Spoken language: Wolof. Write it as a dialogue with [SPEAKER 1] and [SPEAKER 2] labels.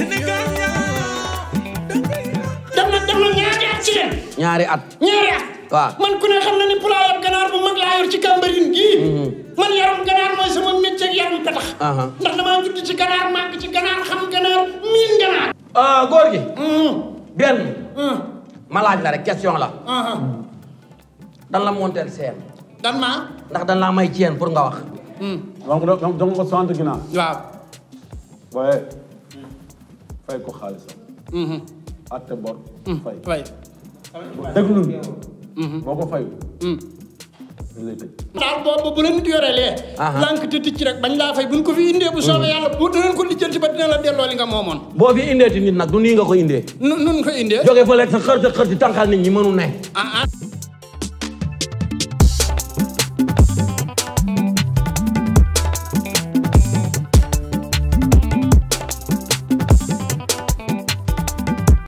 [SPEAKER 1] ñaari at ñaari at. ñaari man ku ne xam na ni pulaaram ganaar bu mag laa yor ci Cambérène gii. man yaram ganaar mooy sama métier yaram petax. ndax damaa judd ci ganaar màgg ci xam
[SPEAKER 2] gi. ma laaj la rek question la. dan la montel seen. dan ma ndax dan laa may ci pour nga wax. donc donc donc ma sant ginnaaw. waaw. fay ko xaalisam.
[SPEAKER 3] Mhm. atte bor. Mhm. fay fay. déglu mhm. boo ko fayu. ñu lay tëj. daal boobu bu la nit yorelee. lànk te ticc rek bañ laa fay buñ ko fi indee bu soobee yàlla bu danañ ko lijjanti ba dina la delloo li nga moomoon.
[SPEAKER 4] boo fi indeeti nit nag du nii nga ko indee.
[SPEAKER 3] nu nu ko indee.
[SPEAKER 4] jóge fa lekk sa xër sa xër si tànqal nit ñi mënu ne. Ah, ah.